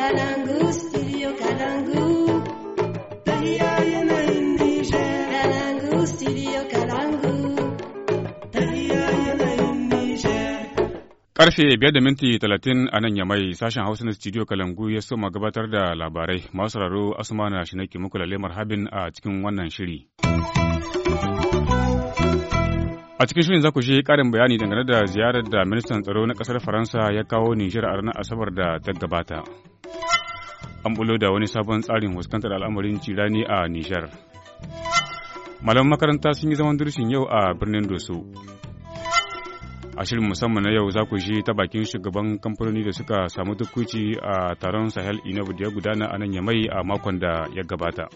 Kalangu, Karfe biyar da minti talatin a nan ya mai sashen Hausa na studio Kalangu ya soma gabatar da labarai masu raro Asuma na shi nake muku lalemar habin a cikin wannan shiri. A cikin shirin za ku shi ƙarin bayani dangane da ziyarar da ministan tsaro na ƙasar Faransa ya kawo Nijar a ranar Asabar da ta gabata. an bulo da wani sabon tsarin fuskantar al'amarin jirani a Nijar. Malam makaranta sun yi zaman durshin yau a birnin Doso. A shirin musamman na yau za ku shi ta bakin shugaban kamfanoni da suka samu dukkuci a taron Sahel Inabu da ya gudana a nan Yamai a makon da ya gabata.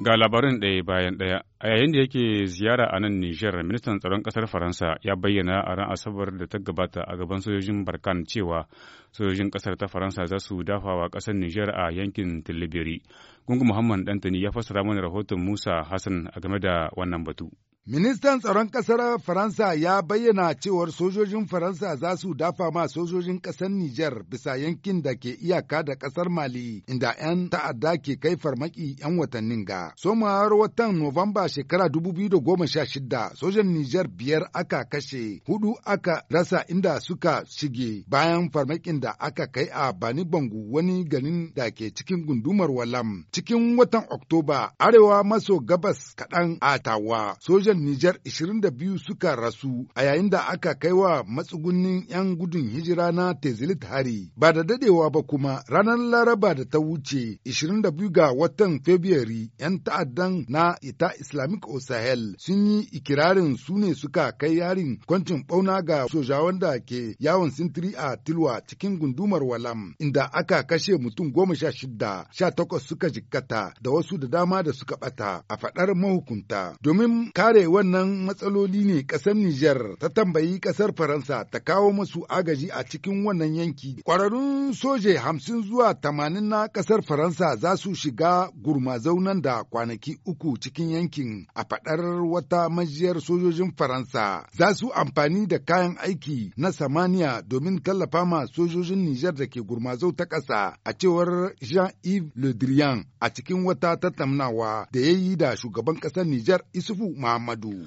Ga labarin ɗaya bayan ɗaya, a yayin da yake ziyara a nan Nijar, ministan tsaron ƙasar Faransa ya bayyana a ran Asabar da ta gabata a gaban sojojin Barkan cewa sojojin ƙasar ta Faransa za su dafawa ƙasar Nijar a yankin Tilibiri. Gungun Muhammad Dantani ya fassara mana rahoton Musa Hassan a game da wannan batu. Ministan tsaron ƙasar Faransa ya bayyana cewar sojojin Faransa za su dafa ma sojojin ƙasar Nijar bisa yankin da ke iyaka da ƙasar Mali, inda 'yan ta'adda ke kai farmaki 'yan watannin ga. Somawar watan Nuwamba shekara 2016, sojan Nijar biyar aka kashe, hudu aka rasa inda suka shige bayan farmakin da aka kai a Bani Bangu wani garin da ke cikin gundumar Walam. Cikin watan Oktoba, arewa maso gabas kaɗan a Tawa, sojan sojan Nijar 22 suka rasu a yayin da aka kai wa matsugunnin 'yan gudun hijira na Tezilit hari. Ba da dadewa ba kuma ranar Laraba da ta wuce 22 ga watan Fabrairu 'yan ta'addan na ita Islamic Sahel sun yi ikirarin su ne suka kai yarin kwancin bauna ga sojawan da ke yawon sintiri a Tilwa cikin gundumar Walam inda aka kashe mutum goma sha shida sha takwas suka jikkata da wasu da dama da suka bata a faɗar mahukunta domin kare warware wannan matsaloli ne ƙasar Nijar ta tambayi ƙasar Faransa ta kawo masu agaji a cikin wannan yanki. kwararrun soje hamsin zuwa tamanin na ƙasar Faransa za su shiga gurmazaunan da kwanaki uku cikin yankin a faɗar wata majiyar sojojin Faransa. Za su amfani da kayan aiki na samaniya domin tallafa ma sojojin Nijar da ke gurmazau ta ƙasa a cewar Jean-Yves Le Drian a cikin wata tattaunawa da ya yi da shugaban ƙasar Nijar Isufu Muhammad. Amadu.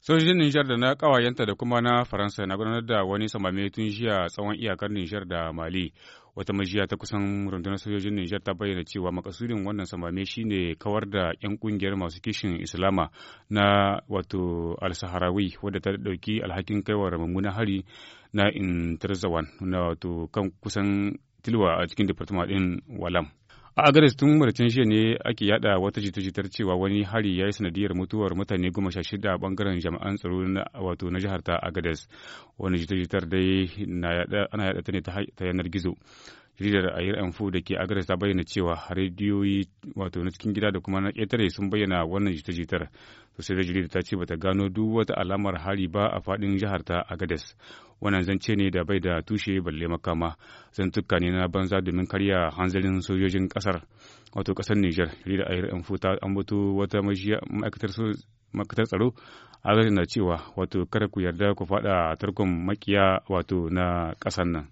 Sojojin Nijar da na kawayenta da kuma na Faransa na gudanar da wani samame tun jiya tsawon iyakar Nijar da Mali. Wata majiya ta kusan rundunar sojojin Nijar ta bayyana cewa makasudin wannan samame shine kawar da 'yan kungiyar masu kishin Islama na wato Al-Saharawi wadda ta dauki alhakin kaiwa mummunan hari na Intarzawan na wato kan kusan tilwa a cikin department din Walam. A Agares tun maricin shi ne ake yada wata jita-jitar cewa wani hari ya yi sanadiyar mutuwar mutane goma sha shida a bangaren jama'an tsaro wato na jihar ta Agares. Wani jita-jitar dai ana yada ta ne ta yanar gizo. jaridar ayir amfu da ke agres ta bayyana cewa rediyoyi wato na cikin gida da kuma na ƙetare sun bayyana wannan jita-jitar to da jaridar ta ce bata gano duk wata alamar hari ba a faɗin jihar ta agares wannan zance ne da bai da tushe balle makama zantuka ne na banza domin karya hanzarin sojojin kasar wato kasar Nijar ridar ayar an ta an bato wata ma'aikatar tsaro agajin na cewa wato kada ku yarda ku fada tarkon makiya wato na kasar nan.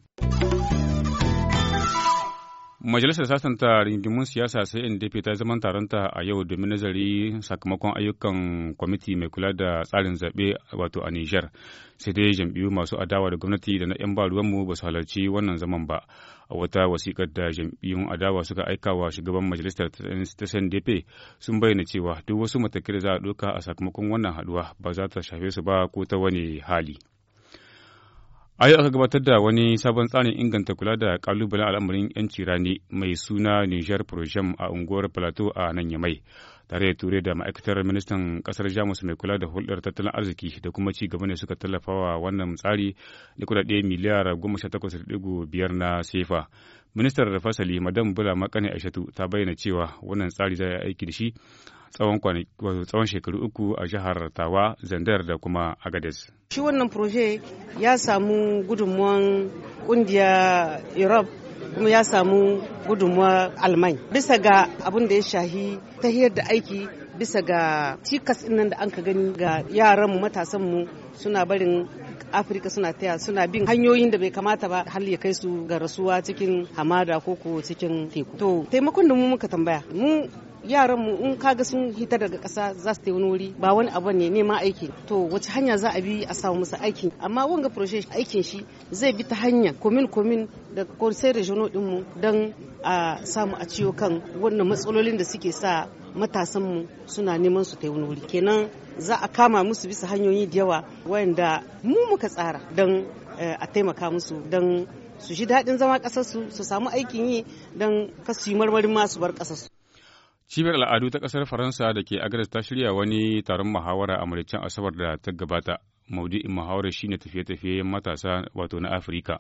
Majalisar sasanta rigimun siyasa sai NDP ta zaman taronta a yau domin nazari sakamakon ayyukan kwamiti mai kula da tsarin zaɓe wato a Nijar. Sai dai jam'iyyu masu adawa da gwamnati da na 'yan baruwanmu ba su halarci wannan zaman ba. A wata wasiƙar da jam'iyyun adawa suka aika wa shugaban majalisar ta NDP sun bayyana cewa duk wasu matakai da za a ɗauka a sakamakon wannan haɗuwa ba za ta shafe su ba ko ta wani hali. A yau aka gabatar da wani sabon tsarin inganta kula da kalubalen al'amarin 'yanci rani mai suna Niger Projem a unguwar Plateau a nan Yamai, tare da ture da ma'aikatar ministan kasar Jamus mai kula da hulɗar tattalin arziki da kuma ci gaba ne suka tallafawa wannan tsari da kudade miliyar goma sha takwas biyar na sefa. Ministar fasali Madam Bula makani Aishatu ta bayyana cewa wannan tsari za a aiki da shi tsawon shekaru uku a jihar Tawa, Zandar da kuma Agadez. Shi wannan proje ya samu gudunmuwan kungiya Europe kuma ya samu gudunmuwa Alman. Bisa ga abin da ya shahi ta hiyar da aiki bisa ga cikas nan da an ka gani ga yaranmu matasanmu suna barin afirka suna taya suna bin hanyoyin da bai kamata ba har ya kai su ga rasuwa cikin hamada ko ko cikin teku to taimakon da mu muka tambaya mu yaran mu in kaga sun hita daga ƙasa za su wani wuri ba wani abu ne nema aiki to wace hanya za a bi a samu musu aiki amma wanga proshe aikin shi zai bi ta hanya komin komin da conseil regional din mu dan a samu a ciwo kan wannan matsalolin da suke sa matasan mu suna neman su wuri kenan za a kama musu bisa hanyoyi da yawa wayanda mu muka tsara don eh, a taimaka musu don su ji daɗin zama ƙasarsu su samu aikin yi don kasu yi marmarin masu bar ƙasarsu. Cibiyar al'adu ta ƙasar Faransa da ke Agres ta shirya wani taron muhawara a Maricin Asabar da ta gabata. Maudu'in muhawarar shine tafiye-tafiye matasa wato na Afirka.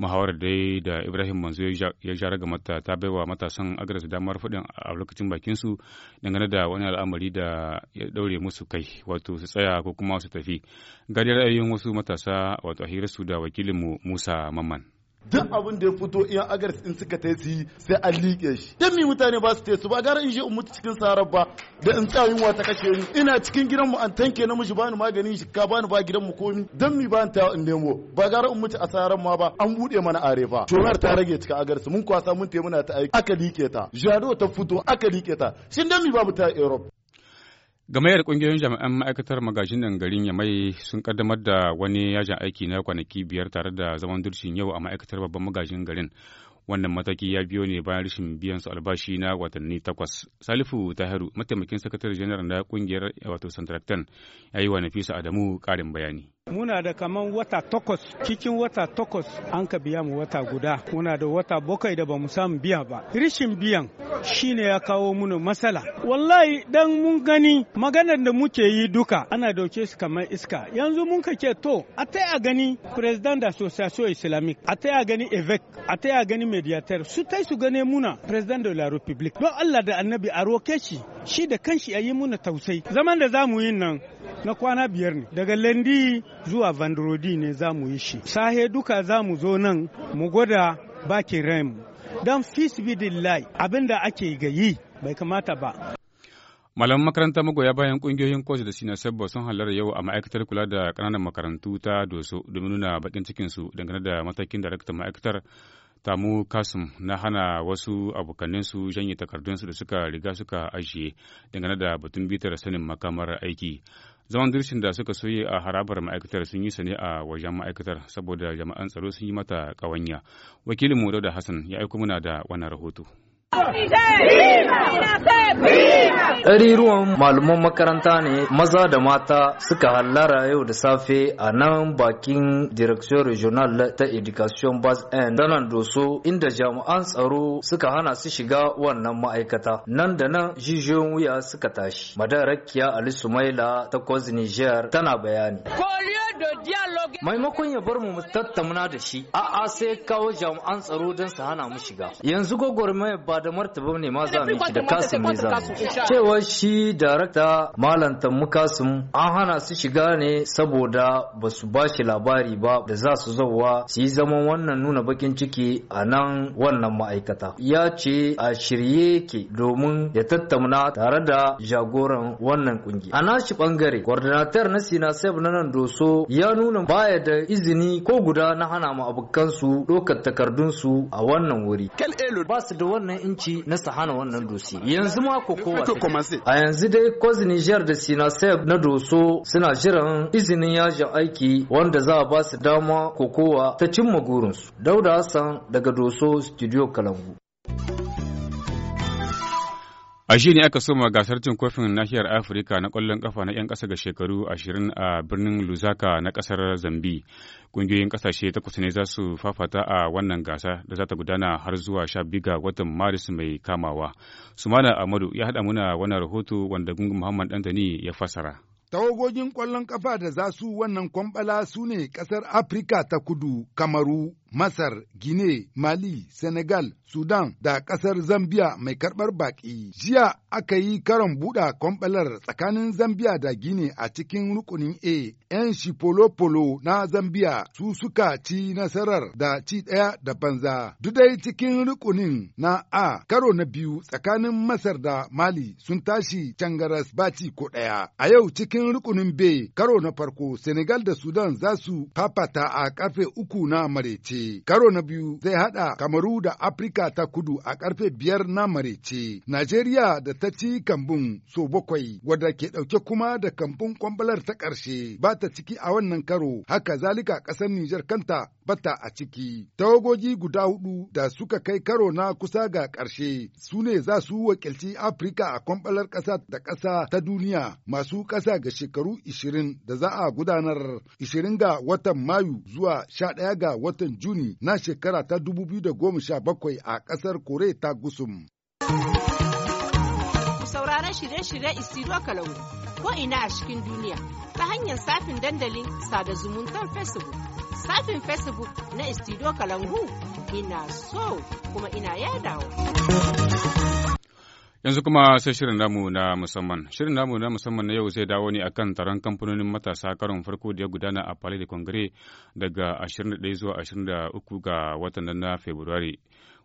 Muhawarar dai da Ibrahim Manzo ya ja raga mata ta wa matasan Agres damar faɗin a lokacin bakinsu dangane da wani al'amari da ya ɗaure musu kai wato su tsaya ko kuma su tafi. Gadi ra'ayin wasu matasa wato a hirarsu da wakilinmu Musa Mamman. duk abin da ya fito in agar in suka ta yi sai an liƙe shi dan mi mutane ba su ta su ba gara in je in mutu cikin sarar ba da in tsaya yunwa ta kashe ni ina cikin gidanmu an tanke na miji bani maganin shi ka bani ba gidanmu komi dan mi ba ta in nemo ba gara in mutu a sarar ma ba an buɗe mana are fa tonar ta rage cika agar su mun kwasa mun te muna ta aiki aka liƙe ta jado ta fito aka liƙe ta shin dan mi ba mu ta Europe Gamayar ƙungiyoyin jami'an ma'aikatar magajin nan garin mai sun kaddamar da wani yajin aiki na kwanaki biyar tare da zaman durcin yau a ma'aikatar babban magajin garin. Wannan mataki ya biyo ne bayan rashin biyan su albashi na watanni takwas. Salifu Tahiru, mataimakin sakatare janar na ƙungiyar wato Santraktan, ya yi wa Nafisa Adamu ƙarin bayani. muna da kaman wata takwas cikin wata takwas an ka biya mu wata guda muna da wata bakwai da ba mu samu biya ba rishin biyan shine ya kawo muna matsala wallahi dan mun gani maganar da muke yi duka ana dauke su kamar iska yanzu mun ka ce to a ta a gani president da association islamic a ta a gani evec a ta a gani mediator su tai su gane muna president de la republic don Allah da annabi a roke shi shi da kanshi a yi muna tausai zaman da za mu yin nan na kwana biyar ne daga lendi zuwa vandrodi ne za mu yi shi sahe duka za mu zo nan mu gwada bakin rem don fisbidillai abinda ake gayi bai kamata ba malaman makaranta magoya bayan kungiyoyin koci da sina sabba sun halarta yau a ma'aikatar kula da kananan makarantu ta doso domin nuna bakin cikinsu dangane da matakin daraktan ma'aikatar tamu kasum na hana wasu abokaninsu janye takardunsu da suka riga suka ajiye dangane da batun bitar sanin makamar aiki zaman dirshin da suka soye a harabar ma'aikatar sun yi sane a wajen ma'aikatar saboda jama'an tsaro sun yi mata kawanya wakilinmu dauda hassan ya aiko muna da wannan rahoto Ɗariruwan malaman makaranta ne maza da mata suka hallara yau da safe a nan bakin Direction Regional ta Education Bas N Danan Doso inda jami'an tsaro suka hana su shiga wannan ma'aikata. Nan da nan jijiyoyin wuya suka tashi. Madarakiya Ali maila ta Niger tana bayani. Maimakon ya bar mu mu tattauna da shi, a'a sai kawo jami'an tsaro don su hana mu shiga. Yanzu gwagwarmaya ba da martaba ne ma za mu da kasim ne za Cewa shi darakta malam Tammu Kasim an hana su shiga ne saboda ba su ba shi labari ba da za su zauwa su yi zaman wannan nuna bakin ciki a nan wannan ma'aikata. Ya ce a shirye ke domin ya tattauna tare da jagoran wannan kungiya. A nashi bangare, coordinator na Sinasef na nan doso ya nuna baya da izini ko guda na hana ma abokansu ɗaukar takardunsu a wannan wuri. Kel Elo ba su da wannan inci na su hana wannan dosi. Yanzu ma kokowa A yanzu dai Kwaz Niger da Sinasef na doso suna jiran izinin yajin aiki wanda za a ba su dama kokowa ta cimma gurinsu. Dauda Hassan daga doso Studio Kalangu. A shi ne aka soma gasar cin kofin nahiyar Afirka na kwallon ƙafa na 'yan ƙasa ga shekaru ashirin a birnin Lusaka na ƙasar Zambi. Ƙungiyoyin ƙasashe takwas ne za su fafata a wannan gasa da za ta gudana har zuwa sha biga watan Maris mai kamawa. Sumana Amadu ya haɗa muna wannan rahoto wanda Gungun Muhammad Dantani ya fasara. Tawagogin kwallon ƙafa da za su wannan kwambala su ne ƙasar Afirka ta kudu, Kamaru, Masar, Gine, Mali, Senegal, Sudan da ƙasar Zambia mai karɓar baƙi. Jiya aka yi karon buɗa kwamɓalar tsakanin Zambia da Gine a cikin rukunin A. 'Yan Shipolopolo na Zambia su suka ci nasarar da ci ɗaya da banza. Dudai cikin rukunin na A karo na biyu tsakanin Masar da Mali sun tashi cangaras baci ko ɗaya. A yau cikin rukunin B karo na farko Senegal da Sudan za su fafata a ƙarfe uku na marece. marece. Karo na biyu zai haɗa Kamaru da Afirka ta kudu a ƙarfe biyar na marece. Najeriya da ta ci kambun so bakwai wadda ke ɗauke kuma da kambun kwambalar ta ƙarshe ba ta ciki a wannan karo haka zalika ƙasar Nijar kanta bata a ciki. Tawagogi guda hudu da suka kai karo na kusa ga ƙarshe su ne za su wakilci Afirka a kwambalar ƙasa da ƙasa ta duniya masu ƙasa ga shekaru ishirin da za a gudanar ishirin ga watan Mayu zuwa sha ɗaya ga watan Juni. Juni na shekara ta dubu biyu da goma sha bakwai a ƙasar Kore ta Gusum. Sauraron shirye shiryen Isiro Kalau ko ina a cikin duniya ta hanyar safin dandalin sada zumuntar Facebook. Safin Facebook na Isiro Kalangu ina so kuma ina yadawa. Yanzu kuma sai shirin namu na musamman. Shirin namu na musamman na yau zai dawo ne akan taron kamfanonin matasa karon farko da ya gudana a Palais de Congrès daga 21 zuwa 23 ga watan nan na Fabrairu.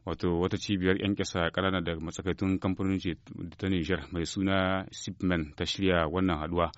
Wato wata cibiyar 'yan kisa ƙanana da matsakaitun kamfanonin ce ta Nijar mai suna Sipman ta shirya wannan haduwa.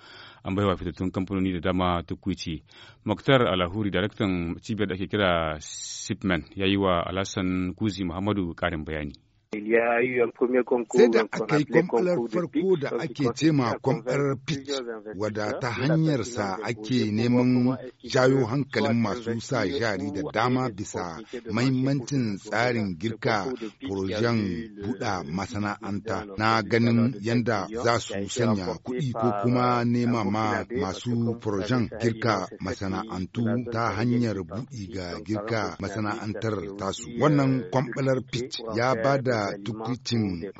An baiwa fitattun kamfanoni da dama tukwici Muktar Alahuri, daraktan cibiyar da ake kira Sipman, ya yi wa Alhassan Kuzi Muhammadu karin bayani. Sai da aka yi kwamfalar farko da ake ce ma kwamfalar pitch wadda ta hanyarsa ake neman jayo hankalin masu sa jari da dama bisa mahimmancin tsarin girka furojen buɗa masana'anta na ganin yanda za su sanya kuɗi ko kuma euh, nema ma masu furojen girka masana'antu ta hanyar buɗi ga girka masana'antar tasu. Wannan euh, kwamfalar pitch ya bada duk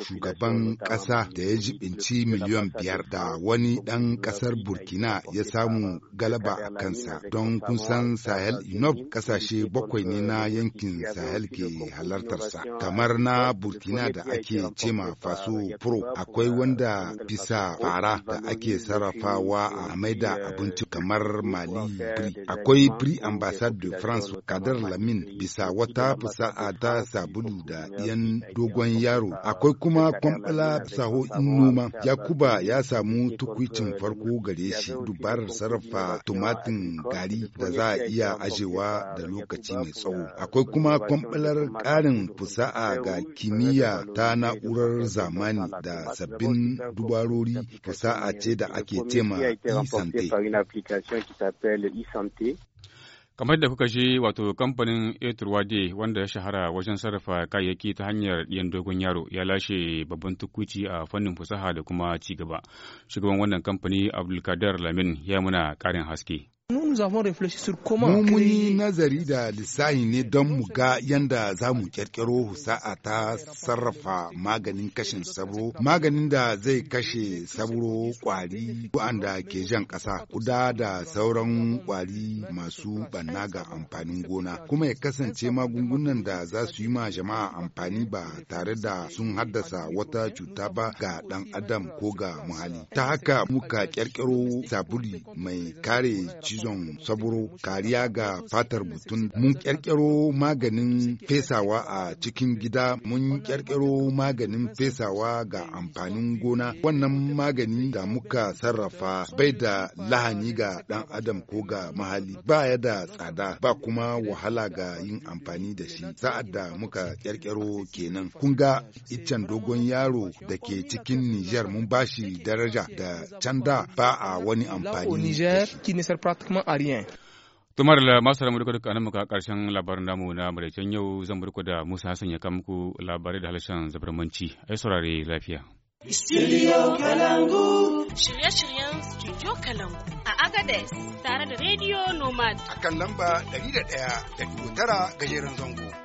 shugaban ƙasa da ya jibinci miliyan biyar da wani ɗan ƙasar Burkina ya samu galaba a kansa don kusan Sahel inov ƙasashe bakwai ne na yankin Sahel ke halartarsa. Kamar na Burkina da ake cema Faso Pro akwai wanda bisa fara da ake sarrafawa a maida abinci kamar Mali Pri. Akwai Pri Ambassade de France Kadar Lamin bisa wata fasa'a ta sabulu da yan do dogon yaro akwai kuma kwamfala saho'in noma yakuba ya samu tukwicin farko gare shi dubarar sarrafa tumatin gari da za a iya ajewa da lokaci mai tsawo akwai kuma kwamfalar ƙarin fusa'a ga kimiyya ta na'urar zamani da sabbin dubarori fusa'a ce da ake cema e kamar da kuka shi wato kamfanin a wanda ya shahara wajen sarrafa kayayyaki ta hanyar ɗiyan dogon yaro ya lashe babban tukuci a fannin fasaha da kuma cigaba shugaban wannan kamfani abdulkadar lamin ya muna karin haske nous avons réfléchi sur comment mu mun nazari da lissahi ne don mu ga yanda za mu kirkiro husa'a ta sarrafa maganin kashin sabro maganin da zai kashe sabro kwari wa'anda ke jan ƙasa kuda da sauran kwari masu banna ga amfanin gona kuma ya kasance magungunan da za su yi ma jama'a amfani ba tare da sun haddasa wata cuta ba ga dan adam ko ga muhalli ta haka muka kirkiro sabuli mai kare cizon mu saburo kariya ga fatar mutum mun ƙirƙiro maganin fesawa a cikin gida mun kyarkyaro maganin fesawa ga amfanin gona wannan magani da muka sarrafa bai da lahani ga ɗan adam ko ga mahali ba ya da tsada ba kuma wahala ga yin amfani da shi sa'ad da muka kyarkyaro kenan kun ga iccen dogon yaro da ke cikin Nijar mun bashi daraja da can da ba a wani amfani da shi. à tumar da masu ramu duka duka muka karshen labarin namu na maraicen yau zan burku da musa hassan ya kamku labarai da halashen zabarmanci yi saurare lafiya studio kalangu shirye-shiryen studio kalangu a agades tare da radio nomad kan lamba da ga gajeren zango